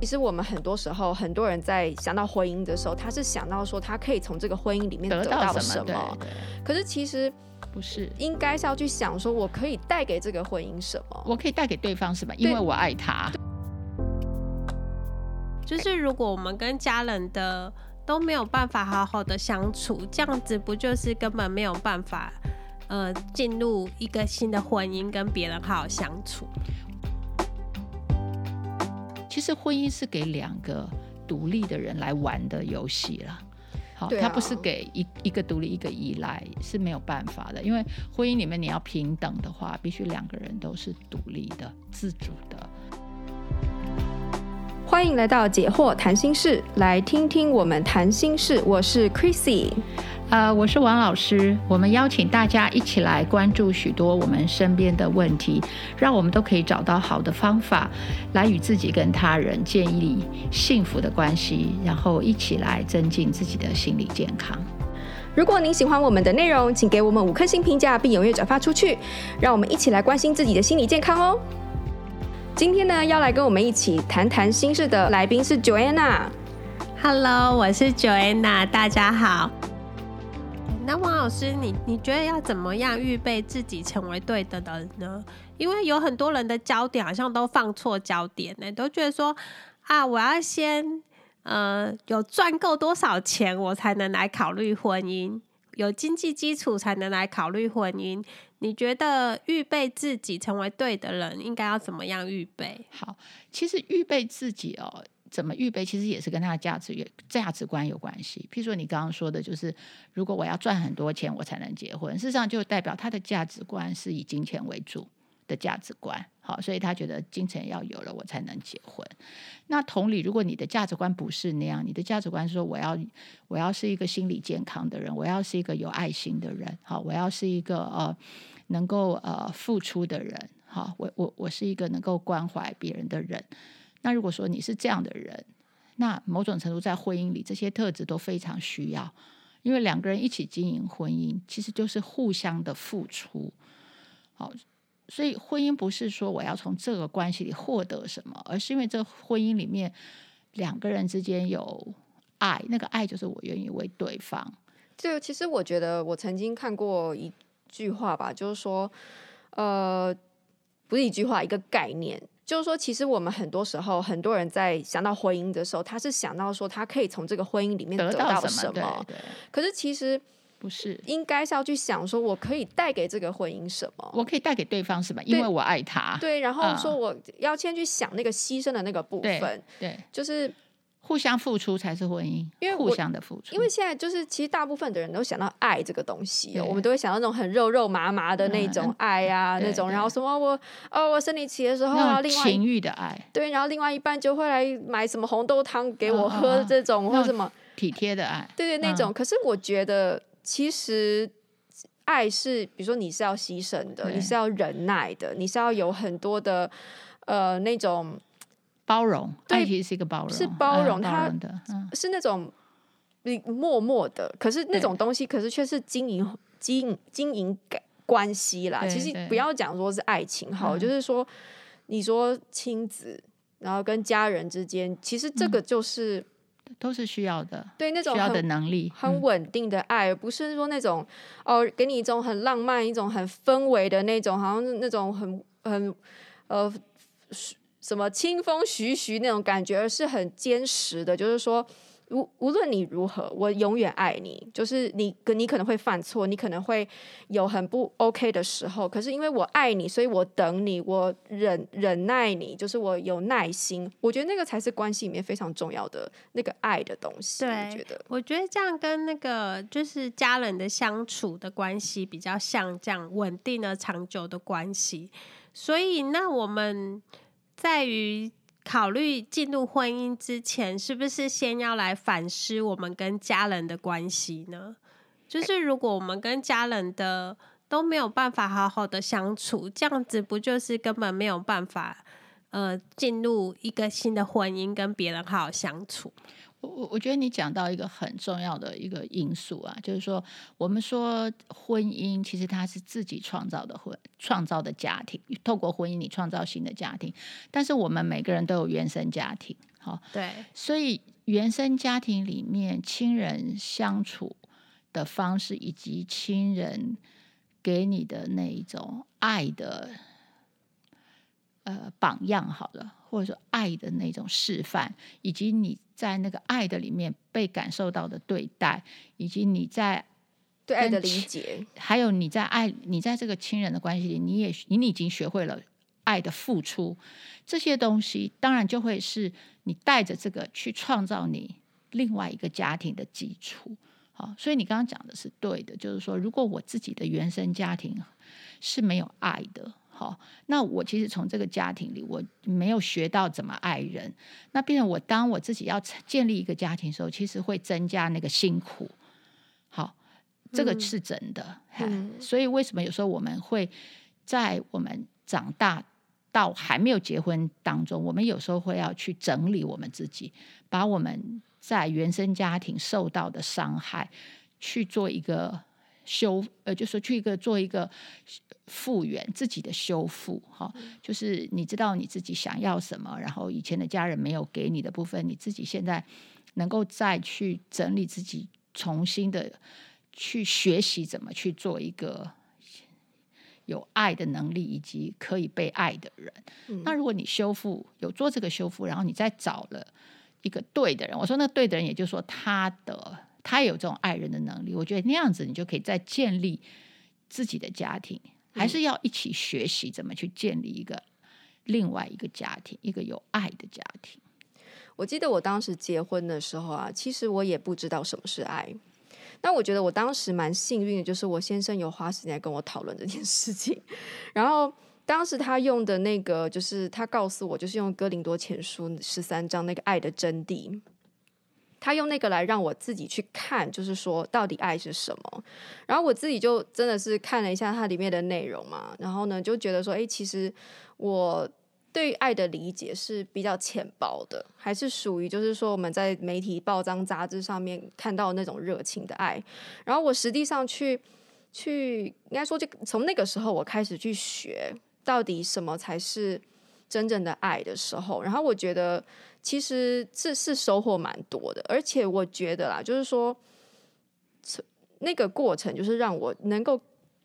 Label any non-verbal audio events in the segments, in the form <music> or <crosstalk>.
其實我們很多時候，很多人在想到婚姻的時候，他是想到說他可以從這個婚姻裡面得到什麼。什麼，對對。可是其實不是，應該是要去想說，我可以帶給這個婚姻什麼？我可以帶給對方什麼？因為我愛他。就是如果我們跟家人的都沒有辦法好好的相處，這樣子不就是根本沒有辦法呃進入一個新的婚姻，跟別人好好相處？其實婚姻是給兩個獨立的人來玩的遊戲了，好，它不是給一一個獨立一個依賴是沒有辦法的，因為婚姻裡面你要平等的話，必須兩個人都是獨立的、自主的，啊。歡迎來到解惑談心事，來聽聽我們談心事，我是 Chrissy。呃，我是王老師。我們邀請大家一起來關注許多我們身邊的問題，讓我們都可以找到好的方法來與自己跟他人建立幸福的關係，然後一起來增進自己的心理健康。如果您喜歡我們的內容，請給我們五顆星評價，並踴躍轉發出去，讓我們一起來關心自己的心理健康哦。今天呢，要來跟我們一起談談心事的來賓是 Joanna。Hello，我是 Joanna，大家好。那王老師，你你覺得要怎麼樣預備自己成為對的人呢？因為有很多人的焦點好像都放錯焦點呢，都覺得說啊，我要先呃有賺夠多少錢，我才能來考慮婚姻，有經濟基礎才能來考慮婚姻。你覺得預備自己成為對的人，應該要怎麼樣預備？好，其實預備自己哦。怎麼預備，其實也是跟他的價值、價值觀有關係。譬如說，你剛剛說的，就是如果我要賺很多錢，我才能結婚。事實上，就代表他的價值觀是以金錢為主的價值觀。好，所以他覺得金錢要有了，我才能結婚。那同理，如果你的價值觀不是那樣，你的價值觀說我要我要是一個心理健康的人，我要是一個有愛心的人，好，我要是一個呃能夠呃付出的人，好，我我我是一個能夠關懷別人的人。那如果說你是這樣的人，那某種程度在婚姻裡，這些特質都非常需要，因為兩個人一起經營婚姻，其實就是互相的付出。好、哦，所以婚姻不是說我要從這個關係裡獲得什麼，而是因為這婚姻裡面兩個人之間有愛，那個愛就是我願意為對方。這個其實我覺得我曾經看過一句話吧，就是說，呃，不是一句話，一個概念。就是說，其實我們很多時候，很多人在想到婚姻的時候，他是想到說他可以從這個婚姻裡面得到什麼。可是其實不是，應該是要去想說，我可以帶給這個婚姻什麼？我可以帶給對方什麼？因為我愛他。對，然後說我要先去想那個犧牲的那個部分。對，就是。互相付出才是婚姻，因為我互相的付出。因為現在就是其實大部分的人都想到愛這個東西，哦，我們都會想到那種很肉肉麻麻的那種愛呀、啊嗯，那種對對然後什麼、哦、我哦我生理期的時候啊，那種情欲的愛，對，然後另外一半就會來買什麼紅豆湯給我喝這種、啊啊，或什麼體貼的愛，對對那種、嗯。可是我覺得其實愛是，比如說你是要犧牲的，你是要忍耐的，你是要有很多的呃那種。包容，對，是一個包容，是包容，啊、它是那種你默默的、嗯，可是那種東西，可是卻是經營經營經營關係啦，對對對。其實不要講說是愛情、嗯、好，就是說你說親子，然後跟家人之間，其實這個就是、嗯、都是需要的，對，那種很需要的能力，很穩定的愛，嗯、而不是說那種哦，給你一種很浪漫、一種很氛圍的那種，好像那種很很呃。什麼清風徐徐那種感覺，而是很堅實的。就是說，無無論你如何，我永遠愛你。就是你，你可能會犯錯，你可能會有很不 OK 的時候。可是因為我愛你，所以我等你，我忍忍耐你，就是我有耐心。我覺得那個才是關係裡面非常重要的那個愛的東西。對，我覺得我覺得這樣跟那個就是家人的相處的關係比較像這樣穩定的長久的關係。所以那我們。在於考慮進入婚姻之前，是不是先要來反思我們跟家人的關係呢？就是如果我們跟家人的都沒有辦法好好的相處，這樣子不就是根本沒有辦法呃進入一個新的婚姻，跟別人好好相處？我我覺得你講到一個很重要的一個因素啊，就是說，我們說婚姻其實它是自己創造的，婚，創造的家庭，透過婚姻你創造新的家庭，但是我們每個人都有原生家庭，好，對，所以原生家庭裡面親人相處的方式，以及親人給你的那一種愛的呃榜樣，好了。或者說愛的那種示範，以及你在那個愛的裡面被感受到的對待，以及你在跟對愛的理解，還有你在愛，你在這個親人的關係裡，你也你已經學會了愛的付出，這些東西當然就會是你帶着這個去創造你另外一個家庭的基礎。好，所以你剛剛講的是對的，就是說，如果我自己的原生家庭是沒有愛的。好、哦，那我其實從這個家庭裡，我沒有學到怎麼愛人，那變成我當我自己要建立一個家庭的時候，其實會增加那個辛苦。好、哦，這個是真的、嗯。所以為什麼有時候我們會在我們長大到還沒有結婚當中，我們有時候會要去整理我們自己，把我們在原生家庭受到的傷害去做一個。修，呃，就是說去一個做一個復原自己的修復，哈，就是你知道你自己想要什麼，然後以前的家人沒有給你的部分，你自己現在能夠再去整理自己，重新的去學習怎麼去做一個有愛的能力以及可以被愛的人。嗯。那如果你修復有做這個修復，然後你再找了一個對的人，我說那對的人，也就是說他的。他也有這種愛人的能力，我覺得那樣子你就可以再建立自己的家庭，還是要一起學習怎麼去建立一個另外一個家庭，一個有愛的家庭。我記得我當時結婚的時候啊，其實我也不知道什麼是愛，但我覺得我當時蠻幸運的，就是我先生有花時間跟我討論這件事情，然後當時他用的那個就是他告訴我，就是用《哥林多前書》十三章那個愛的真諦。他用那個來讓我自己去看，就是說到底愛是什麼。然後我自己就真的是看了一下它裡面的內容嘛，然後呢就覺得說，欸，其實我對愛的理解是比較淺薄的，還是屬於就是說我們在媒體報章雜誌上面看到那種熱情的愛。然後我實際上去去，應該說就從那個時候我開始去學，到底什麼才是真正的愛的時候。然後我覺得。其實這是，是收穫蠻多的，而且我覺得啦，就是說，那個過程就是讓我能夠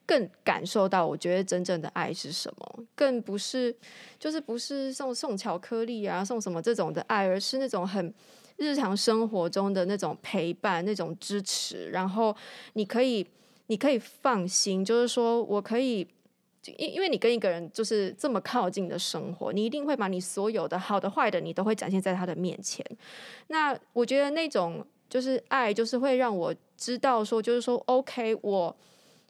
更感受到，我覺得真正的愛是什麼，更不是就是不是送送巧克力啊，送什麼這種的愛，而是那種很日常生活中的那種陪伴，那種支持，然後你可以你可以放心，就是說我可以。因因為你跟一個人就是這麼靠近的生活，你一定會把你所有的好的、壞的，你都會展現在他的面前。那我覺得那種就是愛，就是會讓我知道說，就是說，OK，我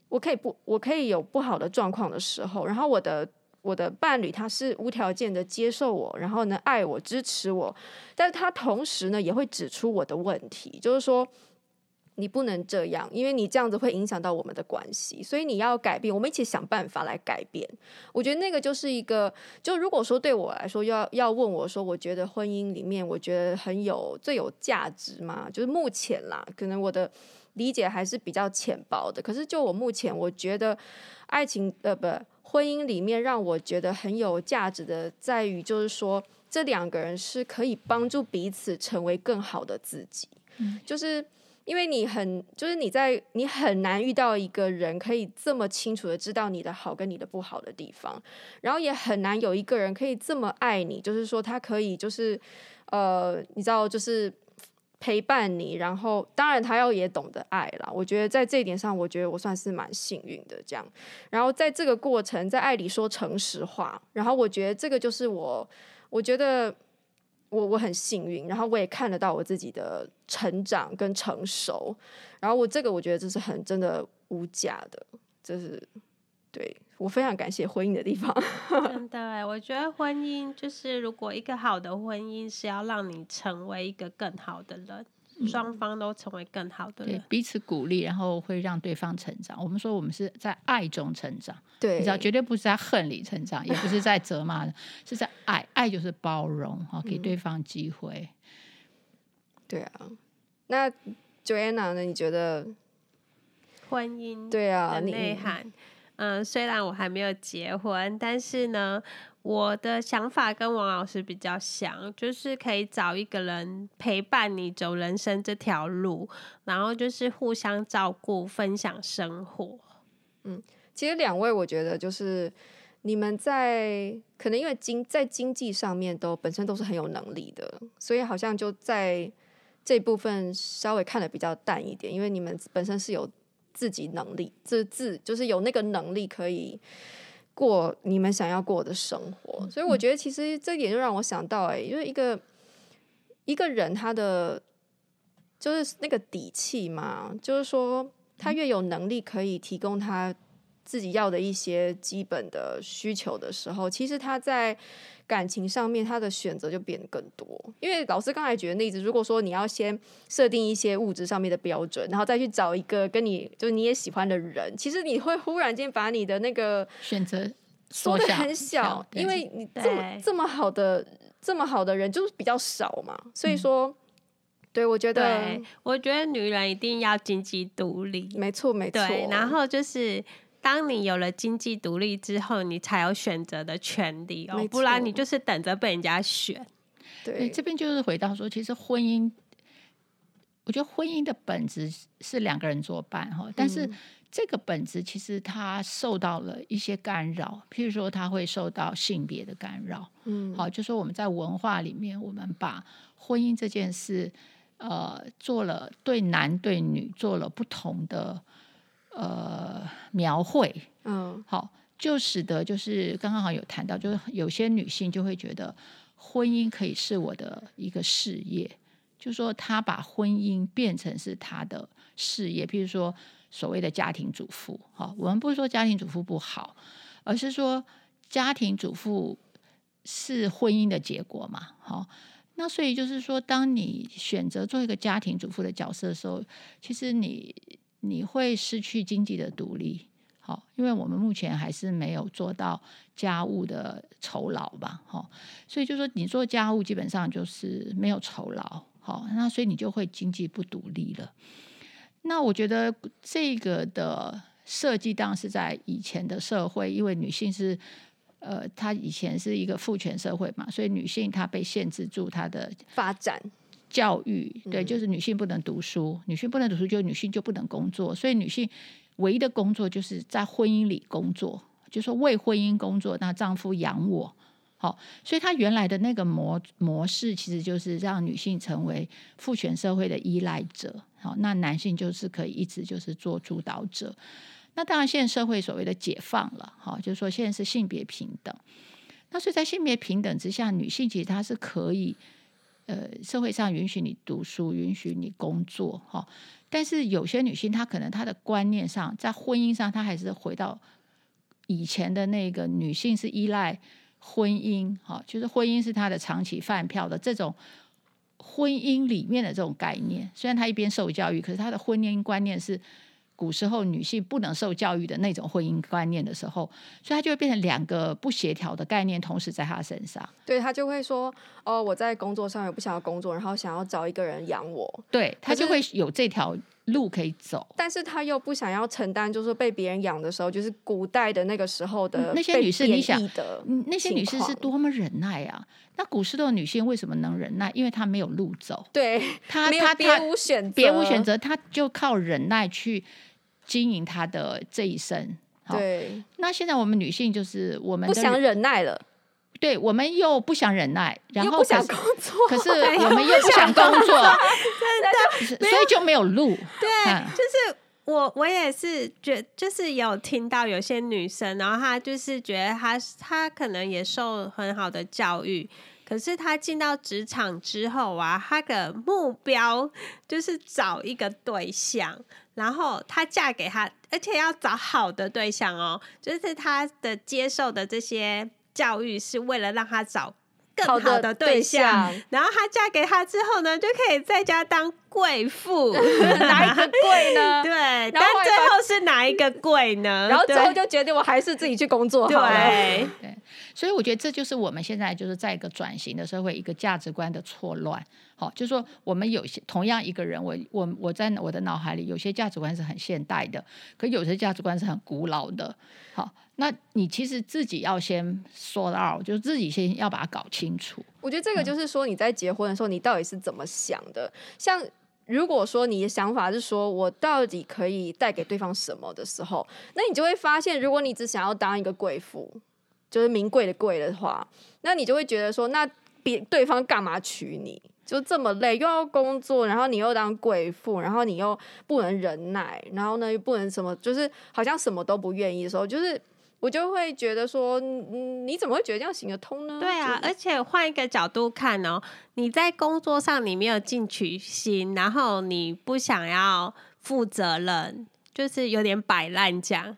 我可以不，我可以有不好的狀況的時候，然後我的我的伴侶他是無條件的接受我，然後呢愛我、支持我，但是他同時呢也會指出我的問題，就是說。你不能這樣，因為你這樣子會影響到我們的關係，所以你要改變。我們一起想辦法來改變。我覺得那個就是一個，就如果說對我來說，要要問我說，我覺得婚姻裡面，我覺得很有最有價值嘛，就是目前啦，可能我的理解還是比較淺薄的。可是就我目前，我覺得愛情呃不婚姻裡面讓我覺得很有價值的，在於就是說，這兩個人是可以幫助彼此成為更好的自己，就是。因為你很，就是你在，你很難遇到一個人可以這麼清楚的知道你的好跟你的不好的地方，然後也很難有一個人可以這麼愛你，就是說他可以就是，呃，你知道就是陪伴你，然後當然他要也懂得愛啦。我覺得在這一點上，我覺得我算是蠻幸運的這樣。然後在這個過程，在愛裡說誠實話，然後我覺得這個就是我，我覺得。我我很幸運，然後我也看得到我自己的成長跟成熟，然後我這個我覺得這是很真的無價的，這是對我非常感謝婚姻的地方。 <laughs> 真的耶，我覺得婚姻就是，如果一個好的婚姻是要讓你成為一個更好的人。雙方都成為更好的人，嗯、彼此鼓勵，然後會讓對方成長。我們說我們是在愛中成長，對，你知道絕對不是在恨裡成長，也不是在責罵， <laughs> 是在愛。愛就是包容，哈、喔，給對方機會、嗯。對啊，那 Joanna 呢？你覺得婚姻對啊，內涵。嗯，雖然我還沒有結婚，但是呢，我的想法跟王老師比較像，就是可以找一個人陪伴你走人生這條路，然後就是互相照顧、分享生活。嗯，其實兩位我覺得就是你們在可能因為經在經濟上面都本身都是很有能力的，所以好像就在這部分稍微看得比較淡一點，因為你們本身是有。自己能力，這自就是有那個能力可以過你們想要過的生活，所以我覺得其實這點就讓我想到、欸，哎，因為一個一個人他的就是那個底氣嘛，就是說他越有能力可以提供他。自己要的一些基本的需求的時候，其實他在感情上面他的選擇就變得更多。因為老師剛才舉的例子，如果說你要先設定一些物質上面的標準，然後再去找一個跟你就是你也喜歡的人，其實你會忽然間把你的那個選擇縮得很小，小，因為你這麼這麼好的這麼好的人就是比較少嘛。所以說，嗯、對，我覺得，對，我覺得女人一定要經濟獨立，沒錯，沒錯。然後就是。當你有了經濟獨立之後，你才有選擇的權利哦，不然你就是等着被人家選。對，這邊就是回到說，其實婚姻，我覺得婚姻的本質是兩個人作伴哈，但是這個本質其實它受到了一些干擾，譬如說它會受到性別的干擾。嗯，好，哦，就說我們在文化裡面，我們把婚姻這件事，呃，做了對男對女做了不同的。呃，描繪，嗯、oh.，好，就使得就是剛剛好有談到，就是有些女性就會覺得婚姻可以是我的一個事業，就說她把婚姻變成是她的事業，譬如說所謂的家庭主婦，哈，我們不是說家庭主婦不好，而是說家庭主婦是婚姻的結果嘛，好，那所以就是說，當你選擇做一個家庭主婦的角色的時候，其實你。你會失去經濟的獨立，好，因為我們目前還是沒有做到家務的酬勞吧，哈，所以就說你做家務基本上就是沒有酬勞，好，那所以你就會經濟不獨立了。那我覺得這個的設計當然是在以前的社會，因為女性是，呃，她以前是一個父權社會嘛，所以女性她被限制住她的發展。教育，對，就是女性不能讀書，女性不能讀書，就女性就不能工作，所以女性唯一的工作就是在婚姻裡工作，就是說為婚姻工作，那丈夫養我，好、哦，所以她原來的那個模模式，其實就是讓女性成為父權社會的依賴者，好、哦，那男性就是可以一直就是做主導者，那當然現在社會所謂的解放了，好、哦，就是說現在是性別平等，那所以在性別平等之下，女性其實她是可以。呃，社會上允許你讀書，允許你工作，哈、哦，但是有些女性她可能她的觀念上，在婚姻上她還是回到以前的那個女性是依賴婚姻，哈、哦，就是婚姻是她的長期飯票的這種婚姻裡面的這種概念。雖然她一邊受教育，可是她的婚姻觀念是。古時候女性不能受教育的那種婚姻觀念的時候，所以她就會變成兩個不協調的概念同時在她身上。對，他就會說：“哦，我在工作上也不想要工作，然後想要找一個人養我。對”對，他就會有這條。路可以走，但是她又不想要承擔，就是被別人養的時候，就是古代的那個時候的，的、嗯、那些女士，你想那些女士是多麼忍耐啊！那古時候的女性為什麼能忍耐？因為她沒有路走，對，她她她別無選擇，別無選擇，她就靠忍耐去經營她的這一生。對，那現在我們女性就是我們不想忍耐了。對，我們又不想忍耐，然後不想工作，可是我們又不想工作，對 <laughs> 對，所以就沒有路。 <laughs> 對，就是我我也是覺，就是有聽到有些女生，然後她就是覺得她她可能也受很好的教育，可是她進到職場之後啊，她的目標就是找一個對象，然後她嫁給他，而且要找好的對象哦，就是她的接受的這些。教育是為了讓他找更好的,好的對象，然後他嫁給他之後呢，就可以在家當貴婦， <laughs> 哪一個貴呢？ <laughs> 對，但最後是哪一個貴呢？然後最後就決定我還是自己去工作好了。對，對 okay. 所以我覺得這就是我們現在就是在一個轉型的社會，一個價值觀的錯亂。好，就是說我們有些同樣一個人，我我我在我的腦海裡有些價值觀是很現代的，可有些價值觀是很古老的。好，那你其實自己要先 sort out，就是自己先要把它搞清楚。我覺得這個就是說你在結婚的時候，嗯、你到底是怎麼想的？像如果說你的想法是說我到底可以帶給對方什麼的時候，那你就會發現，如果你只想要當一個貴婦，就是名貴的貴的話，那你就會覺得說，那別對方幹嘛娶你？就這麼累，又要工作，然後你又當貴婦，然後你又不能忍耐，然後呢又不能什麼，就是好像什麼都不願意的時候，就是我就會覺得說，嗯，你怎麼會覺得這樣行得通呢？對啊，而且換一個角度看哦，喔，你在工作上你沒有進取心，然後你不想要負責任，就是有點擺爛這樣。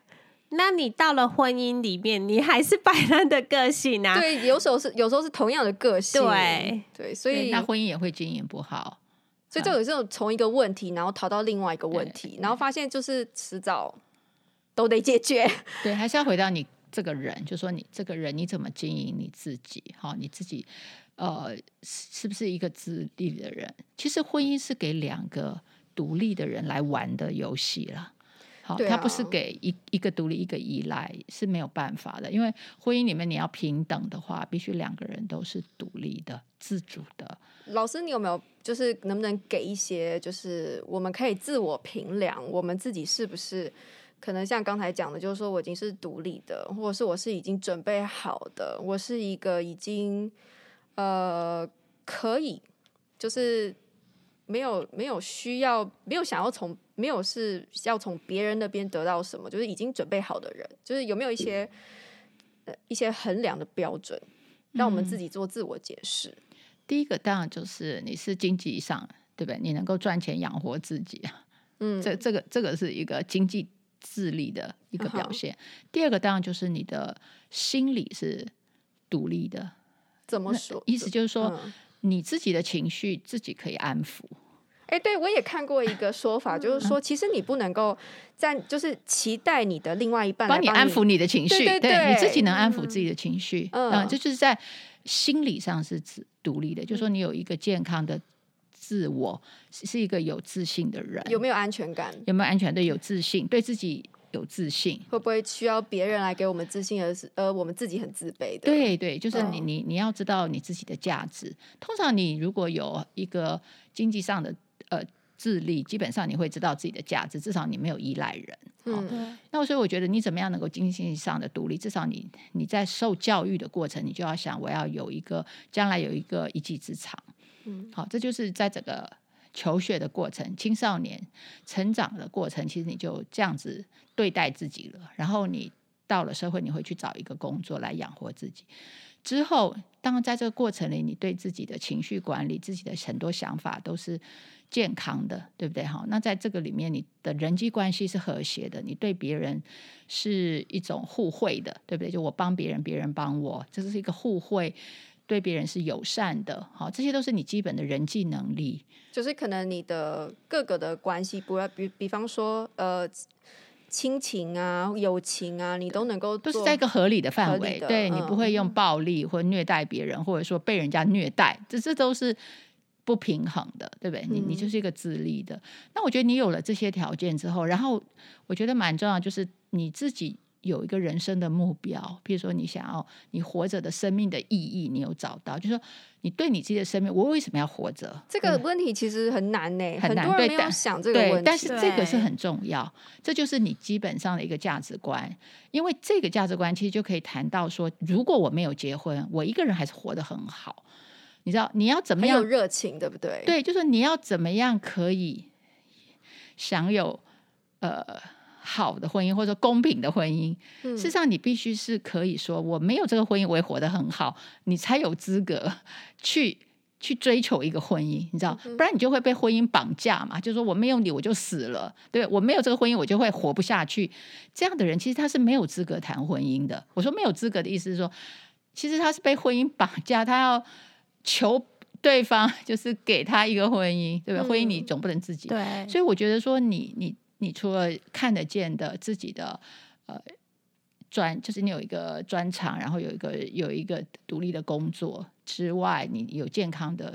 那你到了婚姻裡面，你還是擺爛的個性啊？對，有時候是有時候是同樣的個性。對對，所以那婚姻也會經營不好。所以就有這種從一個問題，然後逃到另外一個問題，然後發現就是遲早都得解決。對，還是要回到你這個人，就是說你這個人你怎麼經營你自己？哈，你自己呃是不是一個自立的人？其實婚姻是給兩個獨立的人來玩的遊戲了。好，它不是給一、啊、一個獨立一個依賴是沒有辦法的，因為婚姻裡面你要平等的話，必須兩個人都是獨立的、自主的。老師，你有沒有就是能不能給一些就是我們可以自我評量，我們自己是不是可能像剛才講的，就是說我已經是獨立的，或者是我是已經準備好的，我是一個已經呃可以就是沒有沒有需要沒有想要從。沒有是要從別人那邊得到什麼，就是已經準備好的人，就是有沒有一些、嗯呃、一些衡量的標準，讓我們自己做自我解釋？嗯、第一個當然就是你是經濟上對不對？你能夠賺錢養活自己，嗯，這這個這個是一個經濟自立的一個表現、嗯。第二個當然就是你的心理是獨立的，怎麼說？意思就是說、嗯、你自己的情緒自己可以安撫。哎、欸，對，我也看過一個說法，就是說，其實你不能夠在，就是期待你的另外一半幫你，幫你安撫你的情緒對對對，對，你自己能安撫自己的情緒，嗯，這、嗯嗯嗯、就，就是在心理上是自獨立的、嗯，就說你有一個健康的自我，是一個有自信的人，有沒有安全感？有沒有安全對，有自信，對自己有自信，會不會需要別人來給我們自信？而是，呃，我們自己很自卑的。對，對，就是你，嗯、你，你要知道你自己的價值。通常，你如果有一個經濟上的。呃，自立，基本上你會知道自己的價值，至少你沒有依賴人，哦。嗯，那所以我覺得你怎麼樣能夠經濟上的獨立？至少你你在受教育的過程，你就要想我要有一個將來有一個一技之長。嗯，好，哦，這就是在整個求學的過程、青少年成長的過程，其實你就這樣子對待自己了。然後你到了社會，你會去找一個工作來養活自己。之後，當在這個過程裡，你對自己的情緒管理、自己的很多想法都是健康的，對不對？哈，那在這個裡面，你的人際關係是和諧的，你對別人是一種互惠的，對不對？就我幫別人，別人幫我，這是一個互惠，對別人是友善的，好，這些都是你基本的人際能力。就是可能你的各個的關係，不要比，比方說，呃。親情啊，友情啊，你都能夠都是在一個合理的範圍，對、嗯、你不會用暴力或虐待別人，嗯、或者說被人家虐待，這這都是不平衡的，對不對？你你就是一個自立的、嗯。那我覺得你有了這些條件之後，然後我覺得蠻重要的就是你自己。有一個人生的目標，比如說你想要你活着的生命的意義，你有找到？就是、說你對你自己的生命，我為什麼要活着？這個問題其實很難呢、欸嗯，很多人沒有想這個問題。題但是這個是很重要，這就是你基本上的一個價值觀。因為這個價值觀其實就可以談到說，如果我沒有結婚，我一個人還是活得很好。你知道你要怎麼樣有熱情，對不對？對，就是你要怎麼樣可以享有呃。好的婚姻，或者說公平的婚姻，嗯，事實上你必須是可以說，我沒有這個婚姻，我也活得很好，你才有資格去去追求一個婚姻，你知道？嗯，不然你就會被婚姻綁架嘛，就是說我沒有你我就死了，對，對我沒有這個婚姻我就會活不下去。這樣的人其實他是沒有資格談婚姻的。我說沒有資格的意思是說，其實他是被婚姻綁架，他要求對方就是給他一個婚姻，對不對？嗯，婚姻你總不能自己。對，所以我覺得說你你。你除了看得見的自己的呃專，就是你有一個專長，然後有一個有一個獨立的工作之外，你有健康的。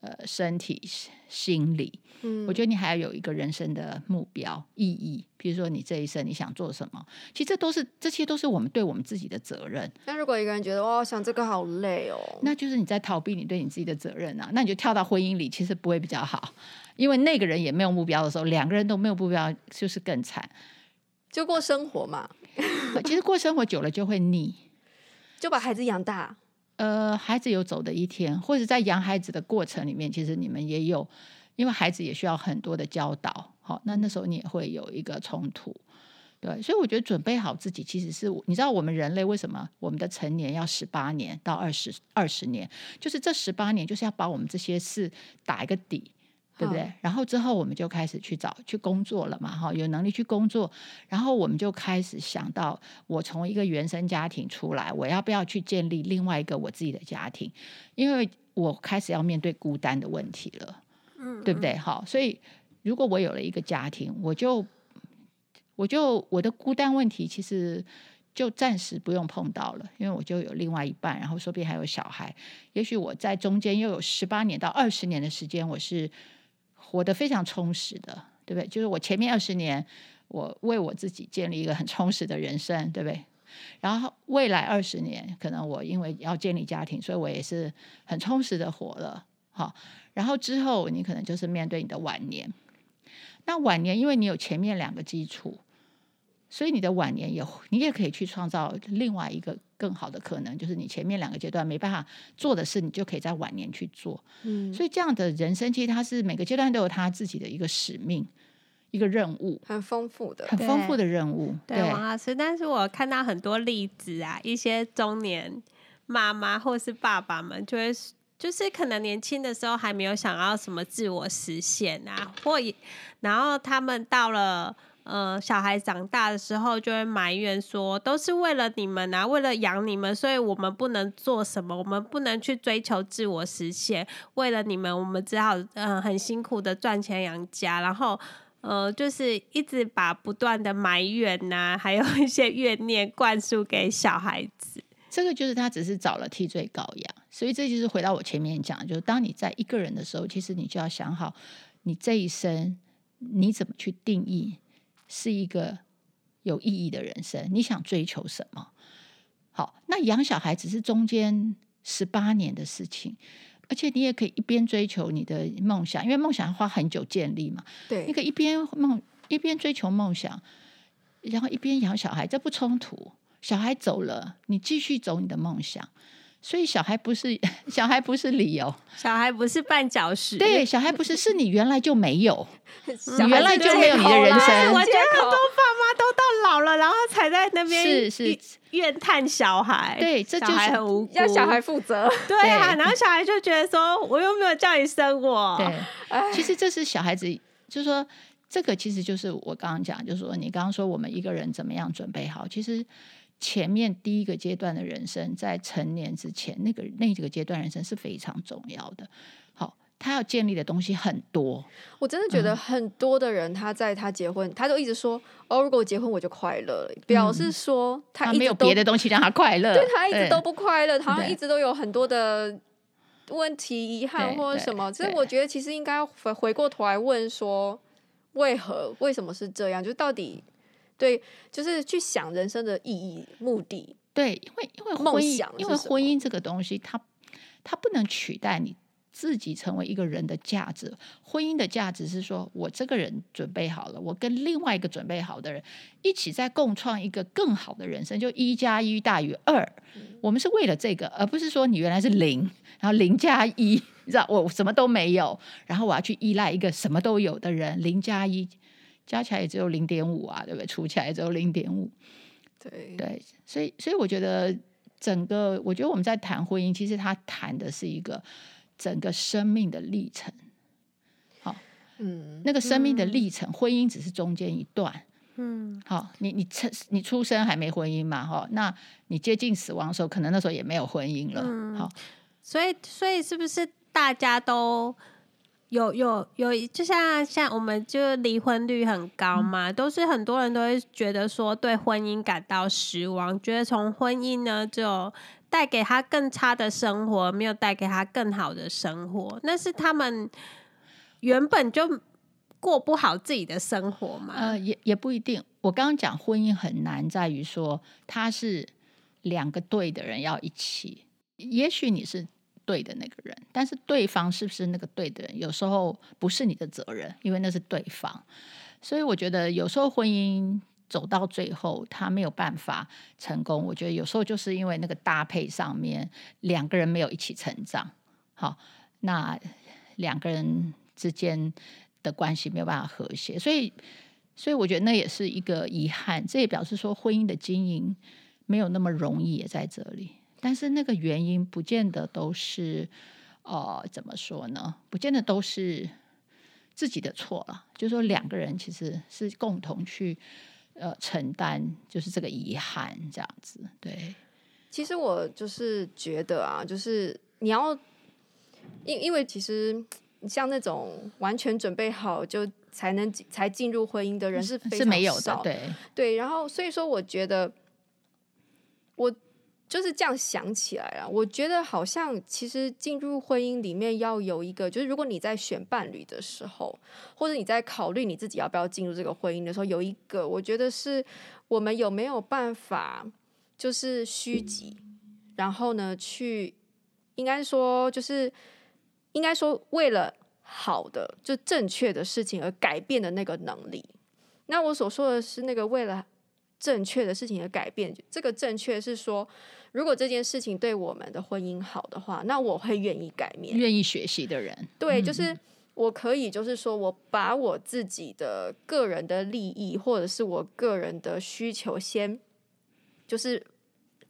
呃，身體、心理，嗯，我覺得你還要有一個人生的目標、意義。比如說，你這一生你想做什麼？其實這都是，這些都是我們對我們自己的責任。但如果一個人覺得哇，想這個好累哦，那就是你在逃避你對你自己的責任啊。那你就跳到婚姻裡，其實不會比較好，因為那個人也沒有目標的時候，兩個人都沒有目標，就是更慘，就過生活嘛。 <laughs> 其實過生活久了就會膩，就把孩子養大。呃，孩子有走的一天，或者在養孩子的過程裡面，其實你們也有，因為孩子也需要很多的教導，好、哦，那那時候你也會有一個衝突，對，所以我覺得準備好自己，其實是你知道我們人類為什麼我們的成年要十八年到二十二十年，就是這十八年就是要把我們這些事打一個底。對不對？然後之後我們就開始去找去工作了嘛，哈，有能力去工作，然後我們就開始想到，我從一個原生家庭出來，我要不要去建立另外一個我自己的家庭？因為我開始要面對孤單的問題了，嗯，對不對？哈、嗯，所以如果我有了一個家庭，我就我就我的孤單問題其實就暫時不用碰到了，因為我就有另外一半，然後說不定還有小孩，也許我在中間又有十八年到二十年的時間，我是。活得非常充實的，對不對？就是我前面二十年，我為我自己建立一個很充實的人生，對不對？然後未來二十年，可能我因為要建立家庭，所以我也是很充實的活了，好。然後之後，你可能就是面對你的晚年。那晚年，因為你有前面兩個基礎。所以你的晚年也，你也可以去創造另外一個更好的可能，就是你前面兩個階段沒辦法做的事，你就可以在晚年去做。嗯，所以這樣的人生其實它是每個階段都有他自己的一個使命，一個任務，很豐富的，很豐富的任務。對，對對王老師，但是我看到很多例子啊，一些中年媽媽或是爸爸們，就會就是可能年輕的時候還沒有想要什麼自我實現啊，或也然後他們到了。呃，小孩長大的時候就會埋怨說，都是為了你們啊，為了養你們，所以我們不能做什麼，我們不能去追求自我實現。為了你們，我們只好嗯、呃、很辛苦的賺錢養家，然後呃，就是一直把不斷的埋怨吶、啊，還有一些怨念灌輸給小孩子。這個就是他只是找了替罪羔羊，所以這就是回到我前面講，就是、當你在一個人的時候，其實你就要想好，你這一生你怎麼去定義。是一個有意義的人生，你想追求什麼？好，那養小孩只是中間十八年的事情，而且你也可以一邊追求你的夢想，因為夢想要花很久建立嘛。對，你可以一邊夢一邊追求夢想，然後一邊養小孩，這不衝突。小孩走了，你繼續走你的夢想。所以小孩不是小孩不是理由，小孩不是絆腳石。對，小孩不是是你原來就沒有，你 <laughs> 原來就沒有你的人生。我覺得很多爸媽都到老了，然後才在那邊是是一怨嘆小孩。對，這就是很無辜，要小孩負責。對啊，然後小孩就覺得說，我又沒有叫你生我。對，其實這是小孩子，就是說這個其實就是我剛剛講，就是說你剛剛說我們一個人怎麼樣準備好，其實。前面第一個階段的人生，在成年之前，那個那幾個階段人生是非常重要的。好、哦，他要建立的東西很多，我真的覺得很多的人，他在他結婚，嗯、他都一直說，哦，如果我結婚我就快樂，表示說他，他沒有別的東西讓他快樂，對他一直都不快樂，好像一直都有很多的問題、遺憾或者什麼。所以我覺得，其實應該回回過頭來問說，為何為什麼是這樣？就到底。對，就是去想人生的意義、目的。對，因為因為婚姻，因為婚姻這個東西，它它不能取代你自己成為一個人的價值。婚姻的價值是說，我這個人準備好了，我跟另外一個準備好的人一起在共創一個更好的人生，就一加一大於二。嗯。我們是為了這個，而不是說你原來是零，然後零加一，你知道我什麼都沒有，然後我要去依賴一個什麼都有的人，零加一。加起來也只有零點五啊，對不對？除起來也只有零點五，對對，所以所以我覺得整個，我覺得我們在談婚姻，其實他談的是一個整個生命的歷程。好、哦，嗯，那個生命的歷程、嗯，婚姻只是中間一段。嗯，好、哦，你你出你出生還沒婚姻嘛？哈、哦，那你接近死亡的時候，可能那時候也沒有婚姻了。好、嗯哦，所以所以是不是大家都？有有有，就像像我們，就離婚率很高嘛、嗯，都是很多人都會覺得說，對婚姻感到失望，覺得從婚姻呢就帶給他更差的生活，沒有帶給他更好的生活。那是他們原本就過不好自己的生活嘛？呃，也也不一定。我剛剛講婚姻很難，在於說他是兩個對的人要一起。也許你是。對的那個人，但是對方是不是那個對的人，有時候不是你的責任，因為那是對方。所以我覺得有時候婚姻走到最後，他沒有辦法成功。我覺得有時候就是因為那個搭配上面，兩個人沒有一起成長，好，那兩個人之間的關係沒有辦法和諧。所以，所以我覺得那也是一個遺憾。這也表示說，婚姻的經營沒有那麼容易，也在這裡。但是那個原因不見得都是，呃，怎麼說呢？不見得都是自己的錯了。就是說兩個人其實是共同去呃承擔，就是這個遺憾這樣子。對，其實我就是覺得啊，就是你要因因為其實像那種完全準備好就才能才進入婚姻的人是非常少是沒有的，對對。然後所以說，我覺得我。就是這樣想起來了，啊，我覺得好像其實進入婚姻裡面要有一個，就是如果你在選伴侶的時候，或者你在考慮你自己要不要進入這個婚姻的時候，有一個我覺得是我們有沒有辦法，就是虛極，然後呢，去，應該說就是應該說為了好的，就正確的事情而改變的那個能力。那我所說的是那個為了正確的事情而改變，這個正確是說。如果這件事情對我們的婚姻好的話，那我會願意改變。願意學習的人，對，就是我可以，就是說我把我自己的個人的利益或者是我個人的需求先，就是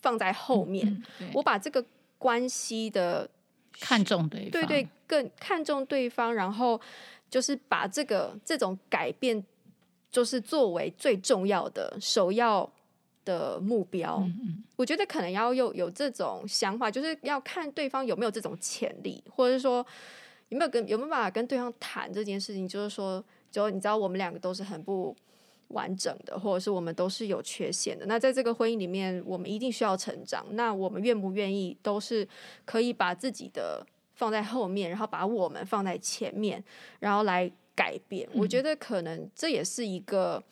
放在後面，嗯。我把這個關係的看重的，對對，更看重對方，然後就是把這個這種改變，就是作為最重要的首要。的目標。嗯嗯，我覺得可能要有有這種想法，就是要看對方有沒有這種潛力，或者是說有沒有跟有沒有辦法跟對方談這件事情。就是說，就你知道，我們兩個都是很不完整的，或者是我們都是有缺陷的。那在這個婚姻裡面，我們一定需要成長。那我們願不願意都是可以把自己的放在後面，然後把我們放在前面，然後來改變。嗯。我覺得可能這也是一個。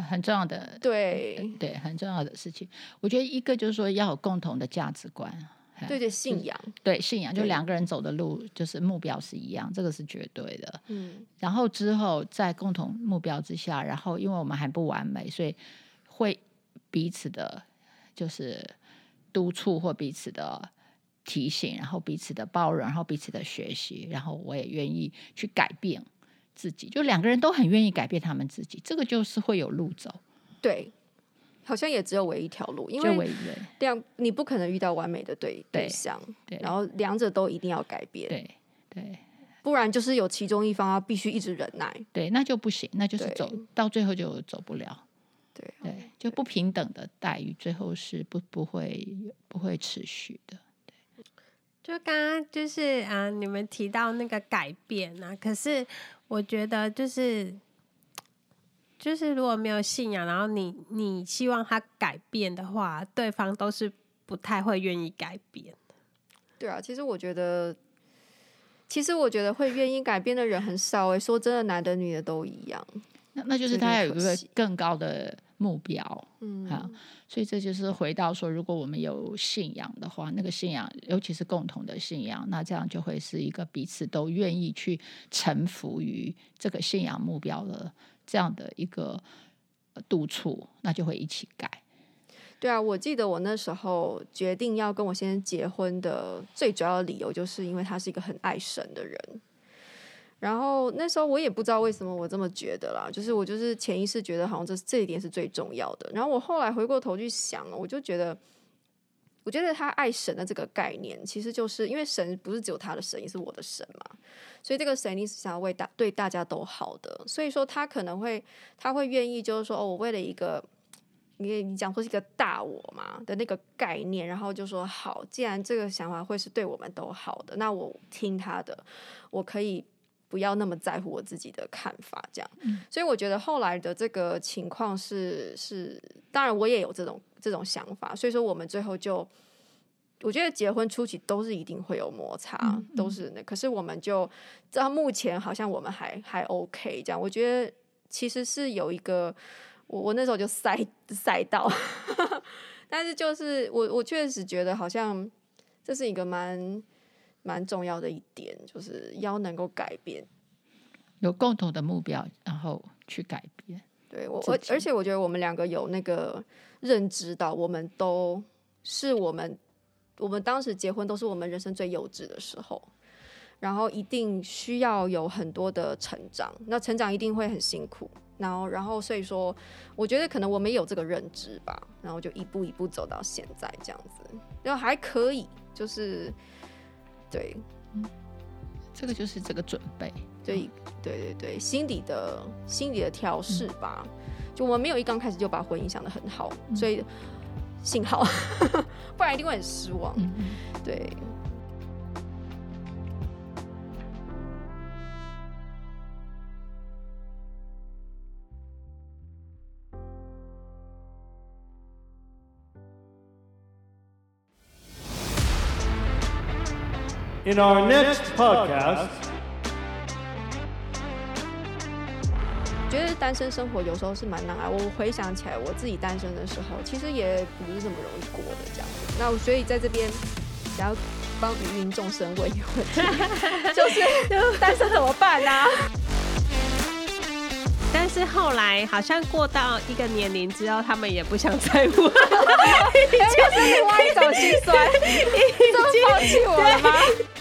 很重要的，對、呃、對，很重要的事情。我覺得一個就是說要有共同的價值觀，對對，信仰，對信仰，就兩個人走的路就是目標是一樣，這個是絕對的。嗯。然後之後在共同目標之下，然後因為我們還不完美，所以會彼此的，就是督促或彼此的提醒，然後彼此的包容，然後彼此的學習，然後我也願意去改變。自己，就兩個人都很願意改變他們自己，這個就是會有路走。對，好像也只有唯一條路，因為唯一你不可能遇到完美的對象，對，然後兩者都一定要改變。對對，不然就是有其中一方要必須一直忍耐。對，那就不行，那就是走到最後就走不了。對對，對，就不平等的待遇，最後是不不會不會持續的。對，就剛剛就是啊，你們提到那個改變啊，可是。我覺得就是，就是如果沒有信仰，然後你你希望他改變的話，對方都是不太會願意改變。對啊，其實我覺得，其實我覺得會願意改變的人很少誒。說真的，男的女的都一樣。那那就是他有一個更高的。目標，嗯哈、啊，所以這就是回到說，如果我們有信仰的話，那個信仰，尤其是共同的信仰，那這樣就會是一個彼此都願意去臣服於這個信仰目標的這樣的一個督促、呃，那就會一起改。對啊，我記得我那時候決定要跟我先生結婚的最主要的理由，就是因為他是一個很愛神的人。然後那時候我也不知道為什麼我這麼覺得啦，就是我就是潛意識覺得好像這這一點是最重要的。然後我後來回過頭去想了，我就覺得，我覺得他愛神的這個概念，其實就是因為神不是只有他的神，也是我的神嘛，所以這個神你是想要為大對大家都好的，所以說他可能會他會願意就是說，哦，我為了一個你你講說是一個大我嘛的那個概念，然後就說好，既然這個想法會是對我們都好的，那我聽他的，我可以。不要那麼在乎我自己的看法，這樣，嗯。所以我覺得後來的這個情況是，是，當然我也有這種這種想法。所以說我們最後就，我覺得結婚初期都是一定會有摩擦，嗯嗯，都是那。可是我們就到目前好像我們還還 OK 這樣。我覺得其實是有一個，我我那時候就塞塞到， <laughs> 但是就是我我確實覺得好像這是一個蠻。蠻重要的一點就是要能夠改變，有共同的目標，然後去改變。對我，而且我覺得我們兩個有那個認知到，我們都是我們，我們當時結婚都是我們人生最幼稚的時候，然後一定需要有很多的成長，那成長一定會很辛苦。然後，然後所以說，我覺得可能我們有這個認知吧，然後就一步一步走到現在這樣子，然後還可以就是。對，這個就是這個準備，對，對對對，心底的、心理的調適吧，嗯。就我們沒有一剛開始就把婚姻想得很好，嗯，所以幸好， <laughs> 不然一定會很失望。嗯，對。在我們的下一個播客，我覺得單身生活有時候是蠻難啊。我回想起來，我自己單身的時候，其實也不是這麼容易過的這樣子。那我所以在這邊，想要幫芸芸眾生問一個問題， <laughs> 就是單身怎麼辦啊？ <laughs> <laughs> <laughs> 但是後來好像過到一個年齡之後，他們也不想再問，就是另外一種心酸，就放棄我了嗎？ <laughs>